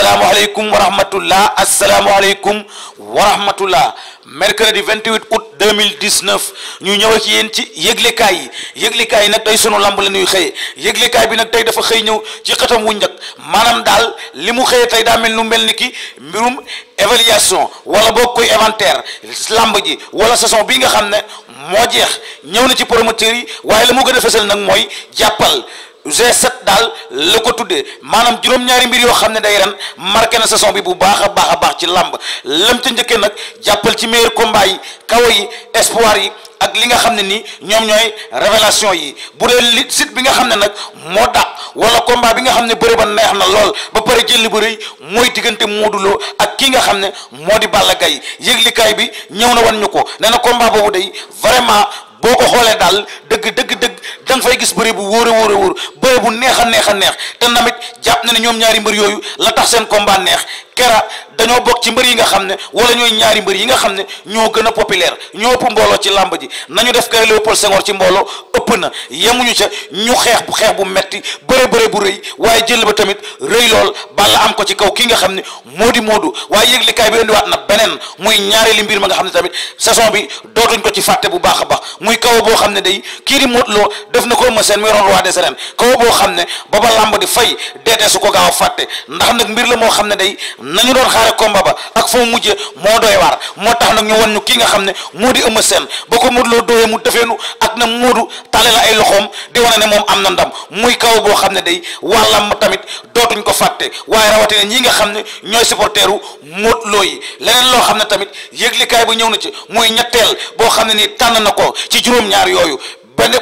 asalaamaaleykum wa rahmatullah asalaamaaleykum wa rahmatullah mercredi 28 août 2019 ñu ñëw ak yéen ci yëglekaay yi yëglekaay yi nag tey sunu lamb la ñuy xëye yëglekaay bi nag tey dafa xëy ñëw ci xëtam wu njëkk maanaam daal li mu xëyee tey daa mel nu mel ni ki mbirum évaluation wala boog koy inventaire lamb ji wala saison bi nga xam ne moo jeex ñëw na ci promoteur yi waaye la mu gën a fësal nag mooy jàppal G7 daal la ko tuddee maanaam juróom-ñaari mbir yoo xam ne day ren marqué na sa saison bi bu baax a baax a baax ci làmb lam ca njëkkee nag jàppal ci meilleur combat yi kawo yi espoir yi ak li nga xam ne nii ñoom ñooy révélation yi bu dee li site bi nga xam ne nag moo dàq wala combat bi nga xam ne bëri ba neex na lool ba pare jël li bëri mooy diggante Modou Lo ak kii nga xam ne moo di Balla Gaye yëglikaay bi ñëw na wan ñu ko nee na boobu day vraiment boo ko xoolee daal dëgg dëgg dëgg danga fay gis bëri bu wóore wóore wóor bëri bu neex a neex a neex te tamit jàpp na ne ñoom ñaari mbër yooyu la tax seen combat neex kera dañoo bokk ci mbër yi nga xam ne wala ñooy ñaari mbër yi nga xam ne ñoo gën a populaire ñoo ëpp mbooloo ci làmb ji na ñu def kay Léopold Senghor ci mbooloo ëpp na yemuñu ca ñu xeex bu xeex bu metti bëre bëre bu rëy waaye jël ba tamit rëy lool balla am ko ci kaw kii nga xam ne moo di moodu waaye yëglikaay bi indiwaat na beneen muy ñaari mbir ma nga xam ne tamit saison bi dootuñ ko ci fàtte bu baax a baax muy kaw boo xam ne day kii di Modou Lo def na ko Eumeu Sène muy ko gaaw a fàtte moo xam moo doy waar moo tax nag ñu nga xam ne moo di Eumeu Sène ba ko Modou Lo dóoree na Modou tale la ay loxoom di wane ne moom am na ndam muy kaw boo xam ne day waa làmb tamit dootuñ ko fàtte waaye rawatina ñi nga xam ne ñooy supporteru Modou Lo yi leneen loo xam ne tamit yëglikaay bu ñëw na ci muy ñetteel boo xam ne nii tànn na ko ci ci juróom-ñaar yooyu benn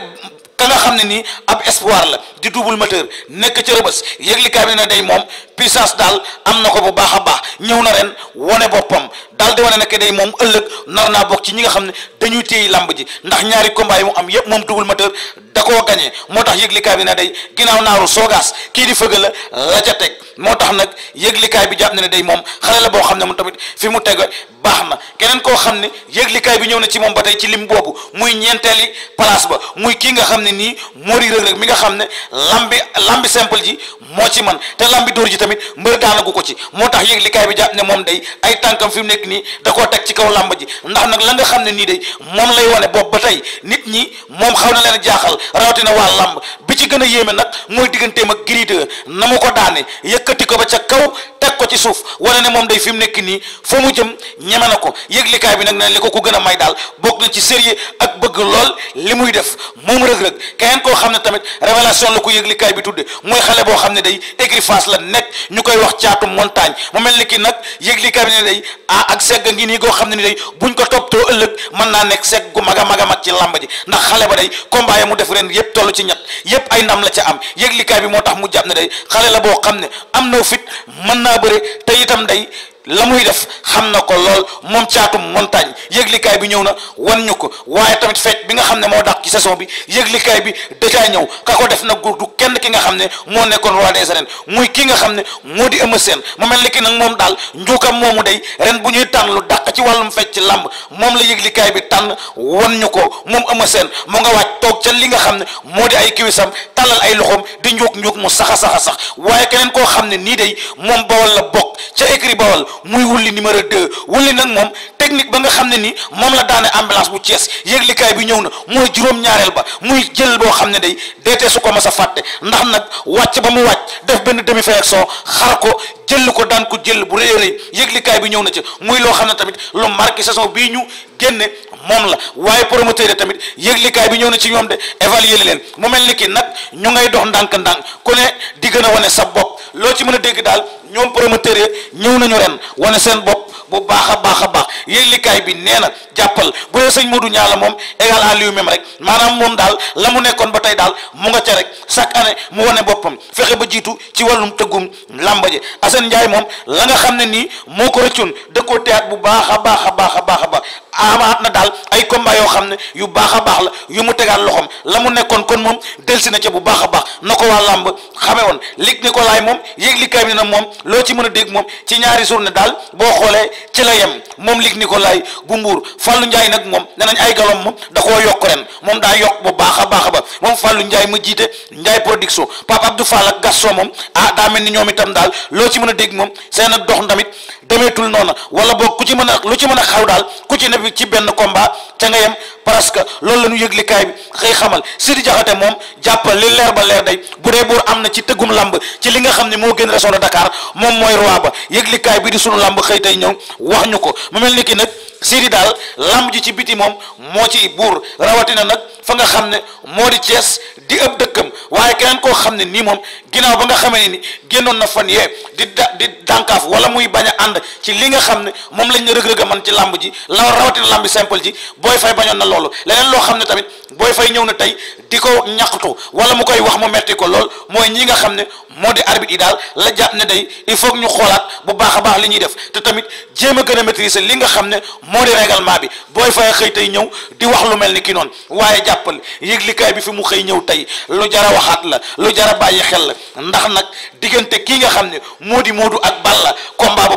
ka nga xam ne nii ab espoir la di duubul mateur nekk ca rëbës yëglikaay bi na day moom puissance daal am na ko bu baax a baax ñëw na ren wone boppam daal di wane ne day moom ëllëg nar naa bokk ci ñi nga xam ne dañuy téye làmb ji ndax ñaari combat yi mu am yépp moom double moteur da koo gañee moo tax yëglikaay bi ne day ginnaaw naaru soogaas kii di fëgg la la teg moo tax nag yëglikaay bi jàpp na ne day moom xale boo xam ne moom tamit fi mu teg baax na keneen koo xam ne yëglikaay bi ñëw na ci moom ba tey ci lim boobu muy ñeenteeli place ba muy kii nga xam ne nii moo di Reug Reug mi nga xam ne lambi lambi simple ji moo ci man te lambi dóor ji tamit mbër daanagu ko ci moo tax yëglikaay bi jàpp ne moom day ay tànkam fi mu nekk nii da koo teg ci kaw làmb ji ndax nag la nga xam ne nii de moom lay wane boobu ba tey nit ñi moom xaw na leen jaaxal rawatina waa làmb bi ci gën a yéeme nag mooy digganteem ak Gris na mu ko daane yëkkati ko ba ca kaw teg ko ci suuf wane moom day fi mu nekk nii fa mu jëm ñeme na ko yëglikaay bi nag ne li ko ku gën a may daal bokk na ci sérieux ak bëgg lool li muy def moom rëg-rëg keneen koo xam ne tamit révélation la ko yëglikaay bi tudde mooy xale boo xam ne day écurie Fass la nekk ñu koy wax caatu montagne mu mel ni ki nag yëglikaay bi ne day ah segg ngi nii koo xam ne ni day buñ ko too ëllëg mën naa nekk segg gu mag a mag a mag ci làmb ji ndax xale ba day combat mu defu ren yëpp tollu ci ñett yëpp ay ndam la ci am yëglikaay bi moo tax mu jàpp ne day xale la boo xam ne am noo fit mën naa bëre tey itam day la muy def xam na ko lool moom caatum montagne yëglikaay bi ñëw na wan ñu ko waaye tamit fecc bi nga xam ne moo dàq ci saison bi yëglikaay bi dacaa ñëw ka ko def nag du kenn ki nga xam ne moo nekkoon roi des arènes muy kii nga xam ne moo di Eumeu Sène mu mel ni ki nag moom daal njuukam moomu day ren bu ñuy tànn lu dàq ci wàllum fecc ci làmb moom la yëglikaay bi tànn wan ñu ko moom Eumeu seen mu nga waaj toog ca li nga xam ne moo di ay kiwisam tàllal ay loxoom di njuuk njuuk mu sax a sax a sax waaye keneen koo xam ne nii dey moom bawal la bokk ca écrit bawal muy wulli numéro 2 wulli nag moom technique ba nga xam ne ni moom la daane ambulance bu Thiès yëglikaay bi ñëw na mooy juróom-ñaareel ba muy jël boo xam ne day deetee su ko mas a fàtte ndax nag wàcc ba mu wàcc def benn demi flexion xar ko jël ko daan ko jël bu rëy rëy yëglikaay bi ñëw na ci muy loo xam ne tamit lu marqué saison bii ñu génne moom la waaye promoteur yi tamit yëglikaay bi ñëw na ci ñoom de évaluer leen mu mel ni ki nag ñu ngay dox ndànk-ndànk kone di gën a wane sa bopp loo ci mën a dégg daal ñoom promoteur yi ñëw nañu ren wane seen bopp bu baax a baax a baax yëglikaay bi nee na jàppal bu dee sëñ Modou Niang la moom égal à lui-même maanaam moom daal la mu nekkoon ba tey daal mu nga ca rek chaque année mu wane boppam fexe ba jiitu ci wàllum tëggum làmba ji Assane moom la nga xam ne nii moo ko rëccoon da bu baax a baax a baax a baax a baax amaat na daal ay combat yoo xam ne yu baax a baax la yu mu tegaat loxoom la mu nekkoon kon moom delsi na ca bu baax a baax na ko waa làmb xamee woon lig ni ko laay moom yëglikaay bi na moom loo ci mën a dégg moom ci ñaari journée daal boo xoolee ci la yem moom ko Nicolas bu Mbour Fallou njaay nag moom nee ay galom moom da koo yokk ren moom daa yokk bu baax a baax ba moom Fallou Ndiaye ma jiite Ndiaye production Pape Abdou Fall ak Gaston moom ah daa mel ni ñoom itam daal loo ci mën a dégg moom seen a dox ndamit demeetul noona wala boog ku ci mën a lu ci mën a xaw daal ku ci ne bi ci benn combat ca nga yem parce que loolu la ñu yëglikaay bi xëy xamal Sidi Jaxate moom jàppal li leer ba leer day bu dee buur am na ci tëggum làmb ci li nga xam ne moo gën région de Dakar moom mooy roi ba yëglikaay bi di sunu lamb xëy tey ñëw wax ñu ko mu mel ni ki nag Sidi daal lamb ji ci biti moom moo ci buur rawatina nag fa nga xam ne moo di Thiès di ëpp dëkkam waaye keneen koo xam ne nii moom ginnaaw ba nga xamee ni génnoon na fan yee di da wala muy bañ a ànd ànd ci li nga xam ne moom lañ rëg-rëg a man ci làmb ji la rawatina làmb simple ji booy fay bañoon na loolu leneen loo xam ne tamit booy fay ñëw na tey di ko ñaxtu wala mu koy wax mu metti ko lool mooy ñi nga xam ne moo di arbitre yi la jàpp ne day il ñu xoolaat bu baax a li ñuy def te tamit jéem a gën a maîtriser li nga xam ne moo di règlement bi booy fay xëy tey ñëw di wax lu mel ni ki noonu waaye jàppal yëglikaay bi fi mu xëy ñëw tey lu jara waxaat la lu jara bàyyi xel la ndax nag diggante kii nga xam ne moo di Modou ak Balla combat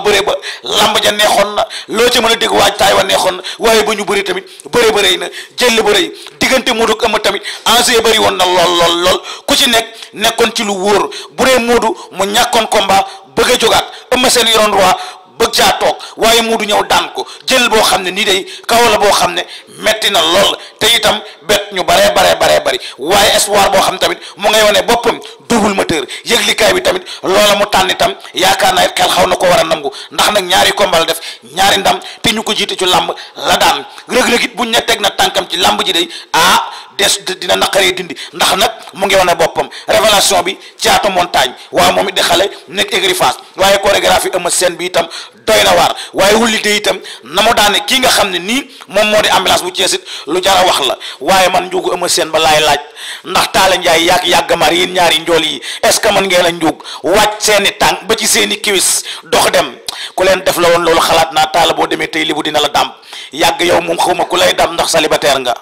ja neexoon na loo ca mën a dégg waaj wa neexoon na waaye ñu bëri tamit bëri bëri na jël bëri diggante Modou ak Eumeu tamit enjeu bëri woon na lool lool lool ku ci nekk nekkoon ci lu wóor bu dee Modou mu ñàkkoon combat bëgg a jógaat Eumeu seen yoroon roi bëgg caa toog waaye Modou ñëw daan jël boo xam ne nii day kaw boo xam ne metti na lool te itam bet ñu baree baree bare bari waaye espoir boo xam tamit mu ngay wane boppam double moteur yëglikaay bi tamit loola mu tànn itam yaakaar naa it xel xaw na ko war a nangu ndax nag ñaari combat la def ñaari ndam te ñu ko jiite ci làmb la na tànkam ci làmb ji day ah mu ngi wane boppam révélation bi caatu montagne waaw moom it di xale nekk écurie Fass waaye chorégraphie ëma scène bi itam doy na waar waaye wulite itam na mu daane nga xam ne nii moom moo di ambulance bu Cees it lu jara wax la waaye man njugu ëma seen ba laay laaj ndax taale njaay yàgg yàgg mar ñaari njool xéewal yi est ce que mën ngeen a njuug wàcc seeni tànk ba ci seeni kiwis dox dem ku leen def la woon loolu xalaat naa taal boo demee tey li dina la dàmp yàgg yow moom xawma ku lay dàmp ndax célibataire nga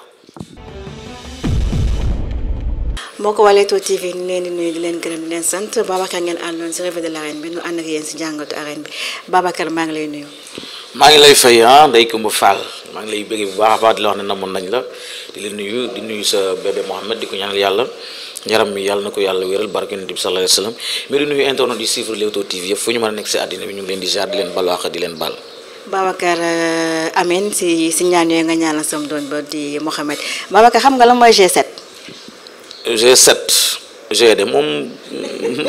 mbokk waa Leewtoo TV ñu leen di nuyu di leen gërëm di sant Babacar ngeen àndoon si revue de l'arène bi ñu ànd ak yéen si jàngatu arène bi Babacar maa ngi lay nuyu maa ngi lay fay ah Ndeye Coumba Fall maa ngi lay bëgg bu baax a baax di la wax ne namoon nañ la di nuyu di nuyu sa bébé Mohamed di ko ñaanal yàlla yaram mi yàlla na ko yàlla wéral barke yonent bi sallallahu alayhi wasallam mais di nuyu internet di suivre Leewtoo TV a nekk si àddina bi ñu ngi leen euh, si si ñaan yooyu nga ñaanal sam doon ba di Mohamed Babacar xam nga la mooy G7 G7 G de moom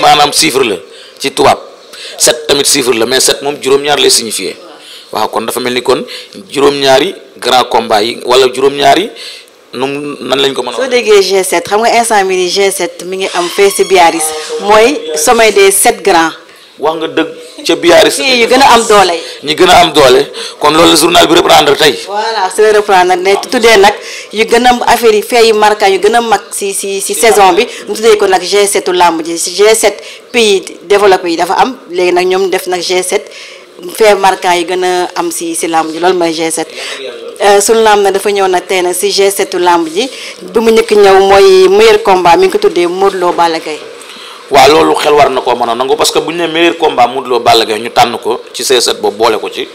maanaam chiffre la ci tubaab 7 tamit chiffre la mais 7 moom juróom-ñaar lay signifier waaw kon dafa mel ni kon juróom-ñaari grand combat yi wala juróom-ñaari nu nan lañ ko mën a. soo déggee G7 xam nga instant bii nii G7 mi ngi am fee si Biarritz mooy sommet des sept grands. wax nga dëgg ca Biarritz. ñi gën a am doole. ñi gën a am doole kon loolu journal bi reprendre tey. voilà su la reprendre ne tuddee nag yu gën a affaire yi fee yu marquant yu gën a mag si si si saison bi mu tuddee ko nag G7 làmb ji G7 pays développé yi dafa am léegi nag ñoom def nag G7. fait marquant yi gën a am si si làmb ji loolu mooy G7 euh, suñu làmb na dafa ñëw na tey na si G7 làmb ji bi mu njëkk ñëw mooy meilleur combat mi ngi ko tuddee Modou Lo Balla Gaye waaw loolu xel war na koo mën a nangu parce que bu ñu ne meilleur combat Modou Lo Balla Gaye ñu tànn ko ci G7 boobu boole ko ci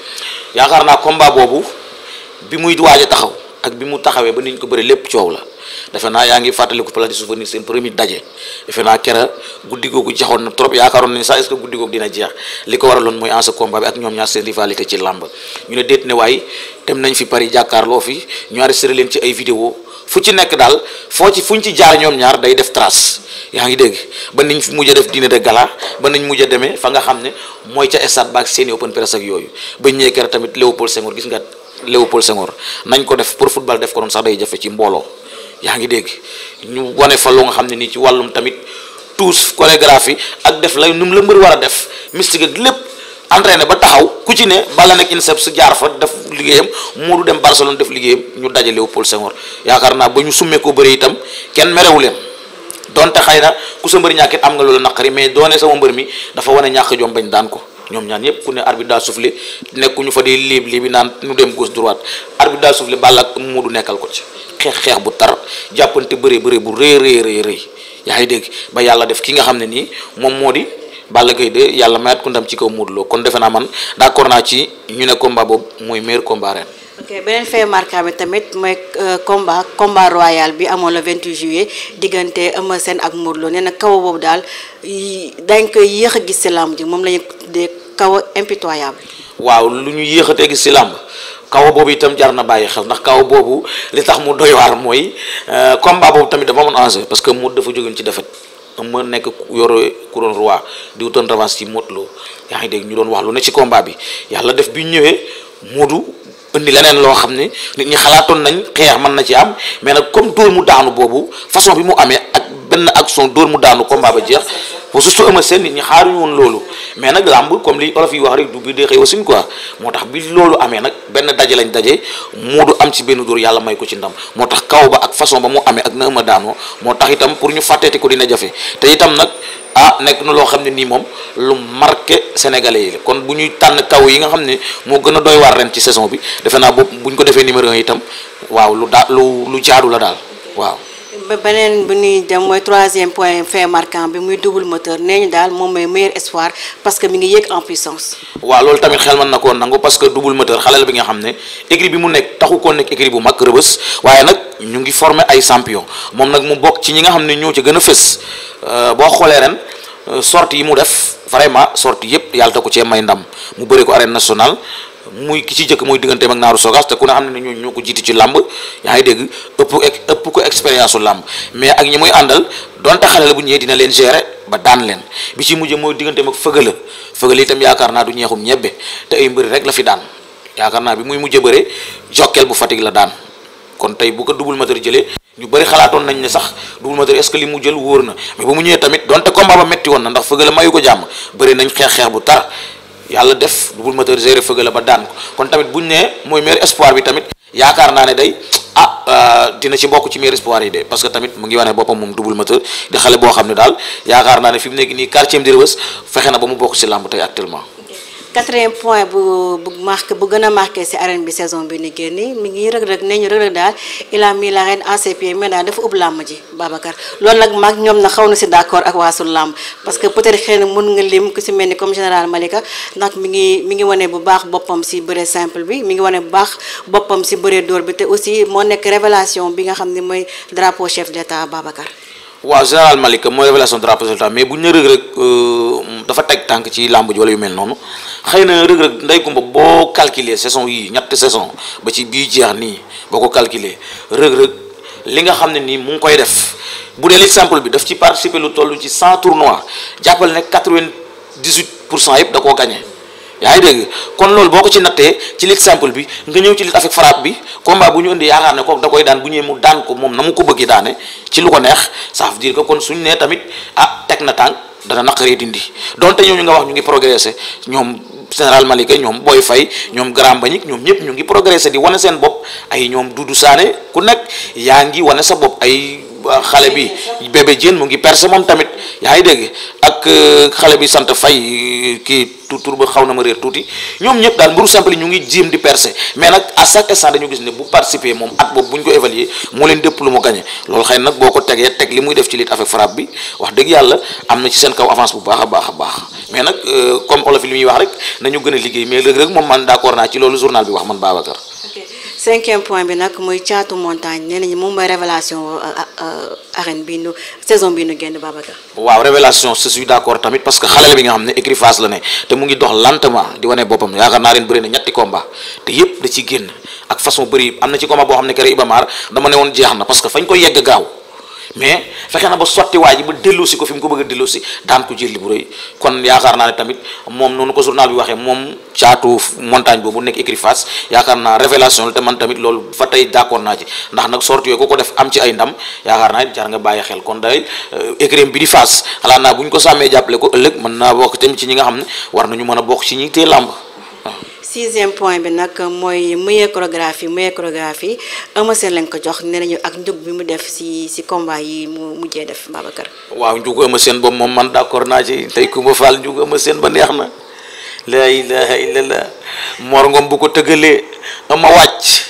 yaakaar naa combat boobu bi muy waaj taxaw ak bi mu taxawee ba niñ ko bëri lépp coow la defe naa yaa ngi fàttaliku place du souvenir seen premier daje defe naa kera guddi googu joxoon na trop yaakaaroon nañ sax est ko que guddi dina jeex li ko waraloon mooy enjeu combat ak ñoom ñaar seen rivalité ci làmb ñu ne déet nañ fi Paris jàkkaarloo fi ñu enregistré leen ci ay vidéo fu ci nekk daal foo ci fuñ ci jaar ñoom ñaar day def trace yaa ngi dégg ba niñ mujj a def dîner de gala ba nañ mujj a demee fa nga xam ne mooy ca stade ba ak seeni open press ak yooyu ba ñëwee kera tamit Léopold Senghor gis nga Léopold Senghor nañ ko def pour football def ko doon sax day jafe ci mbooloo yaa ngi dégg ñu wane fa lu nga xam ne nii ci wàllum tamit tous chorégraphie ak def lay nu mu la mbër war a def mystique ak lépp entraîné ba taxaw ku ci ne bala nag INSEP su jaar fa def liggéeyam moo du dem Barcelone def liggéeyam ñu daje Léopold Senghor yaakaar naa ba ñu summee ko bëri itam kenn merewu leen donte xëy na ku sa mbër ñàkkit am nga loolu naqari mais doone sama mbër mi dafa wane ñàkk jom bañ daan ko ñoom ñaan yépp ku ne arbitre daa soufflé nekkuñu fa di liib liibi naan ñu dem gauche droite arbitre daa soufflé Balla ak Modou nekkal ko ci xeex xeex bu tar jàppante bëree bëree bu rëy rëy rëy rëy dégg ba yàlla def ki nga xam ne nii moom moo di Balla Gaye de yàlla mayaat ko ndam ci kaw Modou kon defe naa man d'accord naa ci ñu ne combat boobu mooy meilleur combat ren. ok beneen fait marquant bi tamit mooy euh, combat combat royal bi amoon le 28 juillet diggante Eumeu Sène ak Modou Lo nee na kaw daal dañ koy a gis ci làmb ji moom la kaw impitoyable. waaw lu ñu yéex a teg si làmb kaw boobu itam jar na bàyyi xel ndax kaw boobu li tax mu doy waar mooy euh, combat boobu tamit dafa amoon enjeu parce que Modou dafa jógeen ci défaite ma nekk yore couronne roi di wutoon revanche ci Modou Lo yaa ngi dégg ñu doon wax lu ne ci combat bi yàlla def bi ñëwee Modou indi leneen loo xam ne nit ñi xalaatoon nañ xeex mën na ci am mais nag comme dóor mu daanu boobu façon bi mu amee. benn action dóor mu daanu combat ba jeex pour surtout Eumeu Sène nit ñi xaaruñu woon loolu mais nag làmb comme li olof yi wax rek du biir dee xëy wasin quoi moo tax bi loolu amee nag benn daje lañ daje Modou am ci benn dóor yàlla may ko ci ndam moo tax kaw ba ak façon ba mu amee ak na Eumeu daanoo moo tax itam pour ñu fàtteeti ko dina jafe te itam nag ah nekk na loo xam ne nii moom lu marqué sénégalais yi la kon bu ñuy tànn kaw yi nga xam ne moo gën a doy waar ren ci saison bi defe naa boobu bu ñu ko defee numéro 1 itam waaw lu daa lu lu jaadu la daal ba beneen bu ñuy dem mooy troisième point fait marquant bi muy double moteur nee ñu daal moom mooy meilleur espoir parce que mi ngi yéeg en puissance. waaw loolu tamit xel mën na ko nangu parce que double moteur xale la bi nga xam ne écurie bi mu nekk taxu ko nekk écurie bu mag rëbës waaye nag ñu ngi former ay champion moom nag mu bokk ci ñi nga xam ne ñoo ci gën a fës euh, boo xoolee ren. Euh, sorti yi mu def vraiment sorti yëpp yàlla da ko cee may ndam mu bëri ko arène nationale muy ki ci jëkk mooy digganteem ak naaru sogas te ku ne xam ne ñooñu ñoo ko jiiti ci làmb yaa dégg ëpp ëpp ko expérience su làmb mais ak ñi muy àndal donte xale la bu ñëwee dina leen gérer ba daan leen bi ci mujj mooy digganteem ak fëgala fëgala itam yaakaar naa du ñeexum ñebbe te ay mbëri rek la fi daan yaakaar naa bi muy mujj bëree jokkeel bu Fatick la daan kon tey bu ko Double Moteur jëlee ñu bëri xalaatoon nañ ne sax Double Moteur est-ce que li mu jël wóor na mais ba mu ñëwee tamit donte combat woon na ndax fëgala mayu ko jàmm bëri nañ xeex xeex bu tar yàlla def double moteur géré fëgg la ba daan ko kon tamit buñ ne mooy meilleur espoir bi tamit yaakaar naa ne day ah euh, dina ci bokk ci meilleur espoir yi de parce que tamit mu ngi wane boppam moom double moteur di xale boo xam ne daal yaakaar naa ne fi mu nekk nii quartier di Rebeuss fexe na ba mu bokk si làmb tey actuellement quatrième point bu bu bu gën a marqué si arène bi saison bi ni génni mi ngi rëg-rëg ne ñu rëg-rëg daal il a mis l'arène en dafa ub làmb ji Babacar loolu nag mag ñoom na xaw na si d'accord ak waasul làmb parce que peut-être xëy na mën nga lim ku si mel ni comme général Malika ndax mi ngi mi ngi wane bu baax boppam si bëre simple bi mi ngi wane bu baax boppam si bëre dóor bi te aussi moo nekk révélation bi nga xam ne mooy drapeau chef d'état Babacar waaw général Malika mooy révélation de la résultat mais bu ñu ne Reug Reug euh, dafa teg tànk ci làmb ji yu mel noonu xëy na Reug Reug ndey kumba boo calculer saison yii ñett saison ba ci bii jeex nii boo ko calculer Reug Reug li nga xam ne nii mu ngi koy def bu dee li bi daf ci participer lu toll ci 100 tournois jàppal ne 98 pour cent yëpp da koo gagné. yaa ngi dégg kon loolu boo ko ci nattee ci lit simple bi nga ñëw ci lit avec frappe bi combat bu ñu indi yaakaar ne kooku da koy daan bu ñëwee mu daan ko moom na mu ko bëggee daane ci lu ko neex ça veut dire que kon suñ nee tamit ah teg na tànk dana naqaree dindi donte ñu nga wax ñu ngi progressé ñoom général Malick ñoom booy fay ñoom Grand Mbagnick ñoom ñëpp ñu ngi progressé di wane seen bopp ay ñoom Doudou Sané ku nekk yaa ngi wane sa bopp ay ah, xale bi bébé Diène mu ngi percé moom tamit yaa ngi dégg ak xale bi sant fay kii tur ba xaw na ma réer tuuti ñoom ñëpp daal mburu simple yi ñu ngi jéem di percer mais nag à chaque instant dañu gis ne bu participer moom at boobu ñu ko évaluer moo leen dëpp lu mu gagné loolu xëy nag boo ko tegee teg li muy def ci lutte avec frappe bi wax dëgg yàlla am na ci seen kaw avance bu baax a baax a baax mais nag euh, comme olof yi li muy wax rek nañu gën a liggéey mais Reug Reug moom man d'accord naa ci loolu journal bi wax man cinquième point bi nag mooy caatu montagne nee nañu moom mooy révélation euh, euh, arène bi nu saison bi nu génn Babacar. waaw révélation tamit parce que xale bi nga xam ne écurie Fass la ne te mu ngi dox lentement di wane boppam yaakaar naa ren bëri na ñetti combat te yëpp da ci génn ak façon bëri am na ci combat boo xam ne keroog Ibamar dama ne woon jeex na parce que fañ ko yegg gaaw. mais fexe na ba sotti waa ji ba dellusi ko fi mu ko bëgg a dellusi daan ko jël li bu rëy kon yaakaar naa ne tamit moom noonu ko journal bi waxee moom caatu montagne boobu nekk écrit face yaakaar naa révélation la te man tamit loolu fa tey d'accord naa ci ndax nag sorti yooyu ko ko def am ci ay ndam yaakaar naa jar nga bàyyi xel kon day euh, écrit bi di face xalaat naa bu ñu ko sàmmee jàppale ko ëllëg mën naa bokk tamit ci ñi nga xam ne war nañu mën a bokk ci ñi tee làmb sixième point bi nag mooy meilleure chorégraphie meilleure chorégraphie Eumeu Sène lañ ko jox nee nañu ak njug bi mu def si si combat yi mu mujjee def Babacar. waaw njug Eumeu Sène boobu moom man d'accord naa ci tey ku ma faal njug Eumeu Sène ba neex na laa ilaha illallah Mor bu ko tëggalee ama wàcc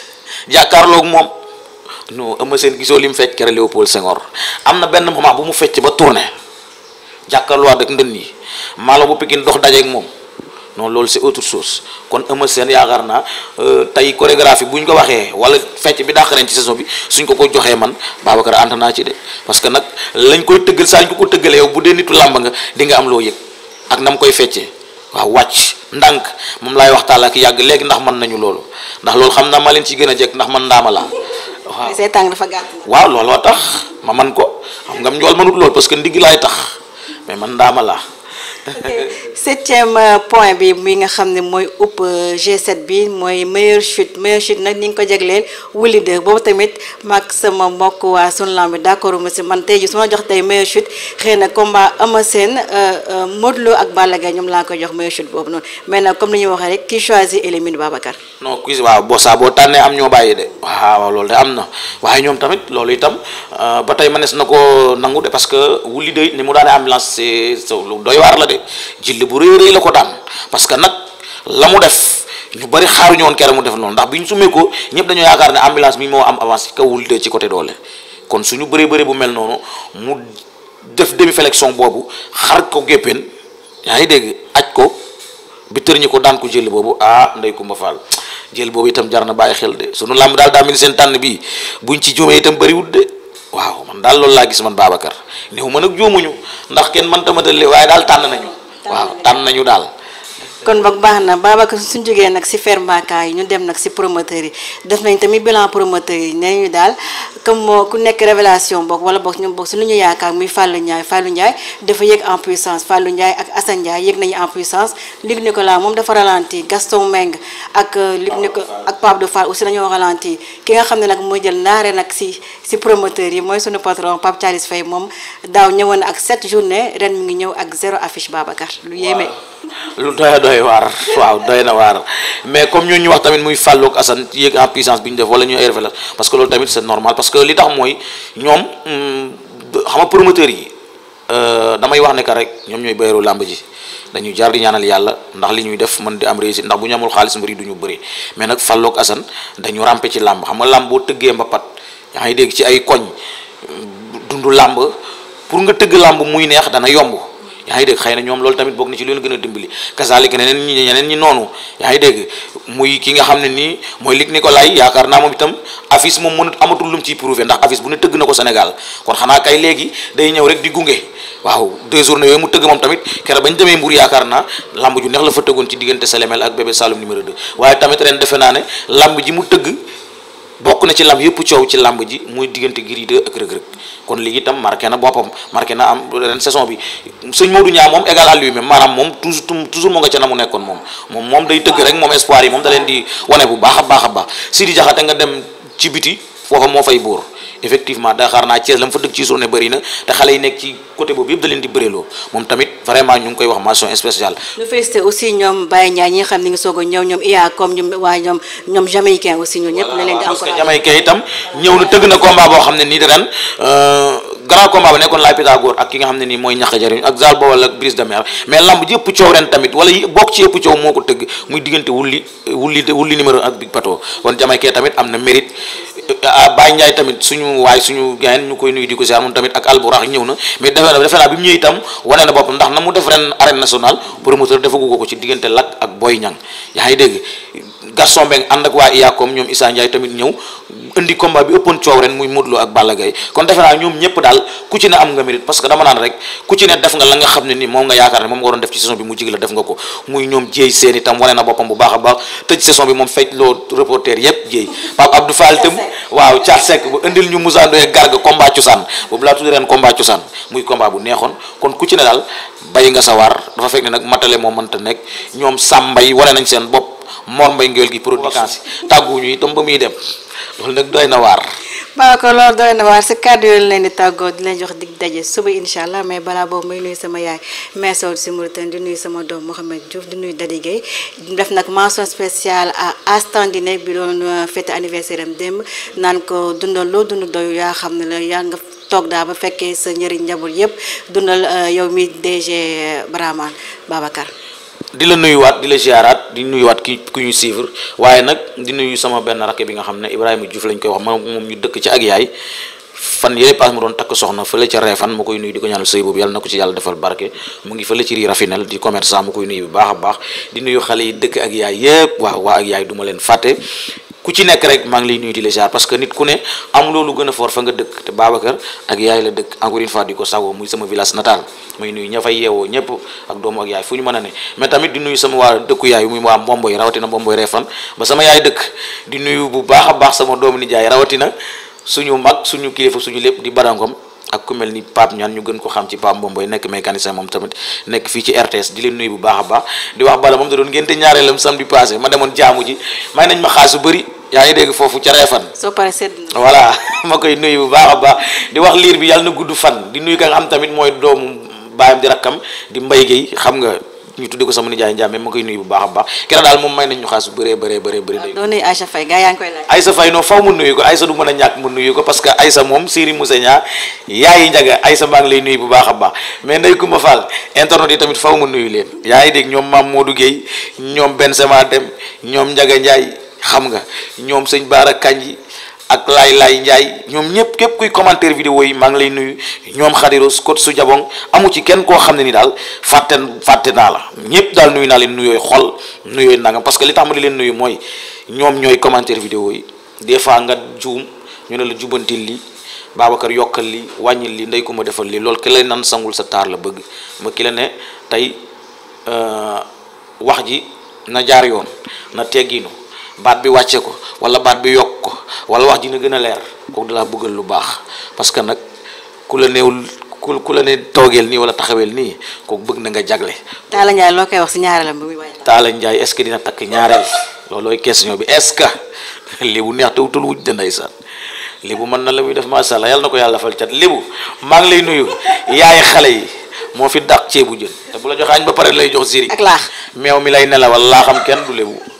jàkkaarloog moom non Eumeu gisoo li mu fecc kere Léopold Senghor am na benn moment bu mu fecc ba tourné jàkkaarloo ak ndënd yi maalo bu Pikine dox dajeeg moom. non loolu c'est autre chose kon Eumeu Sène yaakaar naa euh, tey chorégraphie bu ñu ko waxee wala fecc bi dàq ren ci saison bi suñ ko ko joxee man Babacar ànd naa ci de parce que nag lañ koy tëggal saa ñu ko ko tëggalee yow bu dee nitu làmb nga di nga am loo yëg ak na mu koy feccee waaw wàcc ndànk moom laay waxtaal ak yàgg léegi ndax mën nañu loolu ndax loolu xam naa ma leen ci gën a jekk ndax man ndaama laa waaw dafa gàtt waaw looloo tax ma man ko xam nga njool mënut lool parce que laay tax man ndaama laa septième euh, point bi mi nga xam ne mooy upp euh, G7 bi mooy meilleure chute meilleure chute nag ni nga ko jagleel wuli de boobu tamit maag sama mbokk waa sunu lamb bi d'accord monsieur man tey ji su jox tey meilleure chute xëy na combat Ama Sène euh, Modou ak Balla ñoom laa koy jox meilleure chute boobu noonu mais comme ni ñuy waxee rek ki choisit élimine Babacar. non kii waaw boo saa boo tànnee am ñoo bàyyi de waaw loolu de am na waaye ñoom tamit loolu itam ba tey mënees na ko nangu de parce que wuli de ni mu daanee ambulance c'est lu doy waar de. de jilli bu rëy rëy la ko daan parce que nag la mu def ñu bari xaaruñu woon kere mu def loolu ndax bi ñu sumee ko ñëpp dañoo yaakaar ne ambulance mi moo am avance kawul de ci côté doole kon suñu bëree bëree bu mel noonu mu def demi flexion boobu xar ko géppeen yaa ngi dégg aj ko bi tërñi ko daan ko jël boobu ah ndey Kumba Faal jël boobu itam jar na bàyyi xel de suñu làmb daal daa ni seen tànn bii buñ ci juumee itam bëriwul de waaw man daal loolu laa gis man Babacar néew ma nag juumuñu ndax kenn man ma tëlle waaye daal tànn nañu waaw tànn nañu daal kon boog baax na Babacar suñ jógee nag si fermbaaka yi ñu dem nag si promoteurs yi def nañ tamit bilan promoteurs yi nee ñu daal comme moo ku nekk révélation boog wala boog ñoom boog su lu ñu yaakaar muy Fallou Ndiaye Fallou Ndiaye dafa yëg en puissance Fallou Ndiaye ak Assane Ndiaye yëg nañu en puissance Luc Nicolas moom dafa ralenti Gaston Meng ak euh, Luc Nicolas ak Pape de Fall aussi dañoo ralenti ki nga xam ne nag mooy jël ndaare nag si si promoteurs yi mooy suñu patron Pape Thialis Faye moom daaw ñëwoon ak 7 journée ren mi ngi ñëw ak zéro affiche Babacar lu doy waar waaw doy na waar mais comme ñun ñu wax tamit muy Fallou ak Assane yéeg en puissance bi ñu def wala ñu ay révélation parce que loolu tamit c'est normal parce que li tax mooy ñoom hmm, xam nga promoteurs yi euh, damay wax ne que rek ñoom ñooy béyaru làmb ji dañuy jaar di ñaanal yàlla ndax li ñuy def man di am réussite ndax bu ñu amul xaalis mbir yi du ñu bëri mais nag Fallou ak Assane dañu ràmpe ci làmb xam nga làmb boo tëggee mbapat yaa ngi dégg ci ay koñ dund làmb pour nga tëgg làmb muy neex dana yomb. yaa ngi dégg xëy na ñoom loolu tamit boog na ci lu leen gën a dimbali kasaalik ñeneen ñi ñeneen ñi noonu yaa ngi dégg muy ki nga xam ne nii mooy ni ko lay yaakaar naa moom itam affiche moom mënut amatul lu mu ciy ndax affiche bu ne tëgg na ko Sénégal kon xanaa kay léegi day ñëw rek di gunge waaw deux journées yooyu mu tëgg moom tamit keroog bañ demee Mbour yaakaar naa lamb ju neex la fa tëggoon ci diggante Sélémel ak bébé Saloum numéro 2 waaye tamit ren defe naa ne lamb ji mu tëgg bokk na ci lam yëpp coow ci làmb ji muy diggante Gris 2 ak Reug Reug kon léegi itam marqué na boppam marqué na am ren saison bi sëñ Modou Niang moom égal à lui-même maanaam moom toujours toujours moo nga ca na mu nekkoon moom moom moom day tëgg rek moom espoir yi moom da leen di wane bu baax a baax a baax Sidi Diakhaté nga dem ci biti foofa moo fay buur effectivement daxaar naa Thiès la mu fa ci journée bëri na te xale yi nekk ci côté boobu yëpp da di bëreloo moom tamit vraiment ñu ngi koy wax mention spéciale. ñu félicité aussi ñoom Baye Ndiaye ñi xam ne ngi soog ñëw ñoom IA comme ñoom ñoom ñoom aussi ñoom ñëpp. na leen di encouragé itam ñëw na tëgg na combat boo xam ne nii ren euh, grand combat ba nekkoon laay Pythagore ak ki nga xam ne nii mooy ñaqa jariñ ak ba wala brise de mer mais euh, suñu waay ñu koy nuyu di ko siyaar moom tamit na mais defe na defe naa bi mu ñëw itam wane na boppam ndax na mu def ren arène nationale promoteur defagu ko ko ci diggante Lac ak indi combat bi ëppoon coow ren muy Modou ak Balla kon defe naa ñoom ñëpp daal daal ku ci ne am nga mérite parce que dama naan rek ku ci ne def nga la nga xam ne ni moom nga yaakaar ne moom nga waroon def ci saison bi mu jig def nga ko muy ñoom jéey seen itam wane na boppam bu baax a baax tëj saison bi moom fecc loo reporter yépp jéey Pape Abdou Fall tam waaw Thiat Seck bu indil ñu Moussa Ndoye garga combat cosaan boobu laa tudd ren combat cosaan muy combat bu neexoon kon ku ci ne daal bay nga sa waar dafa fekk ne nag matale moo mënta nekk ñoom sàmba yi wane nañ seen bopp Mor Mbay Ngéwél gi pour vacances tàgguñu itam ba muy dem loolu nag doy na waar. waaw kon loolu doy na waar si kàddu yooyu leen di tàggoo di leen jox dig daje suba incha allah mais balaa boobu may nuyu sama yaay Mère Sow di nuyu sama doom Mouhamed Diouf di nuyu Dadi Gueye di def nag mention spéciale à Astandine bi doon fête anniversaire am démb naan ko dundal loo dund doyu yaa xam ne la yaa nga. toog daa ba fekkee sa njëriñ njaboot yëpp dundal euh, yow mi DG Braman Babacar. di la nuyuwaat di la ziaraat di nuyuwaat ki ku ñu suivre waaye nag di nuyu sama benn rakk bi nga xam ne Ibrahima Diouf lañ koy wax ma moom ñu dëkk ci ak yaay fan yële paas mu doon takk soxna fële ca Réfane moo koy nuyu di ko ñaanal sëy boobu yàlla na ko ci yàlla defal barke mu ngi fële ci ri rafinel di commerçant mu koy nuyu bu baax a baax di nuyu xale yi dëkk ak yaay yëpp yaay du leen fàtte ku ci nekk rek maa ngi lay nuyu di la parce que nit ku ne am loolu gën a fort fa nga dëkk te Babacar ak yaay la dëkk encore une fois di ko sago muy sama village natal muy nuyu ña yeewoo ñëpp ak doomu ak yaay fu ñu mën a ne mais lépp di barangom ak ko xam ci Pape Mbomboy nekk mécanicien moom tamit fii ci RTS di leen nuyu bu baax a baax di wax bala moom da doon ngénte ñaareelam samedi passé ma demoon jaamu ji may nañ ma xaas su bëri yaa ngi dégg foofu ca reefan soo paree sedd na voilà ma koy nuyu bu baax a baax di wax liir bi yàlla na gudd fan di nuyu ka nga xam tamit mooy doomu baayam di rakkam di mbay géey xam nga ñu tudde ko sama nijaay Ndiame ma koy nuyu bu baax a baax keroog daal moom may nañ ñu xaas bëree bëree bëree bëri ah, doo nuyu Aïssa Faye gaa yaa ngi koy laaj Aïssa Faye non faw mu nuyu ko Aïssa du mën a ñàkk mu nuyu ko parce que Aïssa moom Siri Moussa Nia yaayi njaga Aïssa maa ngi lay nuyu bu baax a baax mais Ndeye Coumba Fall internet yi tamit faw mu nuyu leen yaa ngi dégg ñoom Maam Modou Guèye ñoom Bensema Dem ñoom Njaga Ndiaye xam nga ñoom sëñ Baara Kanji ak Laay Laay Njaay ñoom ñëpp képp kuy commentaire vidéo yi maa ngi lay nuyu ñoom xadiro scott su jabong amu ci kenn koo xam ne ni daal fàtte fàtte naa la ñëpp daal nuyu naa leen nuyooy xol nuyooy nangam parce que li tax ma di leen nuyu mooy ñoom ñooy commentaire vidéo yi des fois nga juum ñu ne la jubantil li Babacar yokkal li wàññil li ndey ko ma defal li loolu ki la nan sangul sa taar la bëgg ma ki la ne tey euh, wax ji na jaar yoon na tegginu baat bi wàcce ko wala baat bi yokk ko wala wax ji na gën a leer kooku dalaa bëggal lu baax parce que nag ku la néewul ku la ne toogeel nii wala taxaweel nii kook bëgg na nga jagle. Talla Ndiaye loo koy si ñaareelam bi muy waay. Talla Ndiaye est-ce que dina takk ñaareel loolooy question bi est-ce que lébu neex te wutul wujj de ndeysaan lébu mën na la muy def macha la yàlla na ko yàlla fal cat lébu maa ngi lay nuyu yaay xale yi. moo fi dàq ceebu jën te bu la joxaañ ba pare lay jox siri ak laax meew mi lay nelawal laa xam kenn du lebu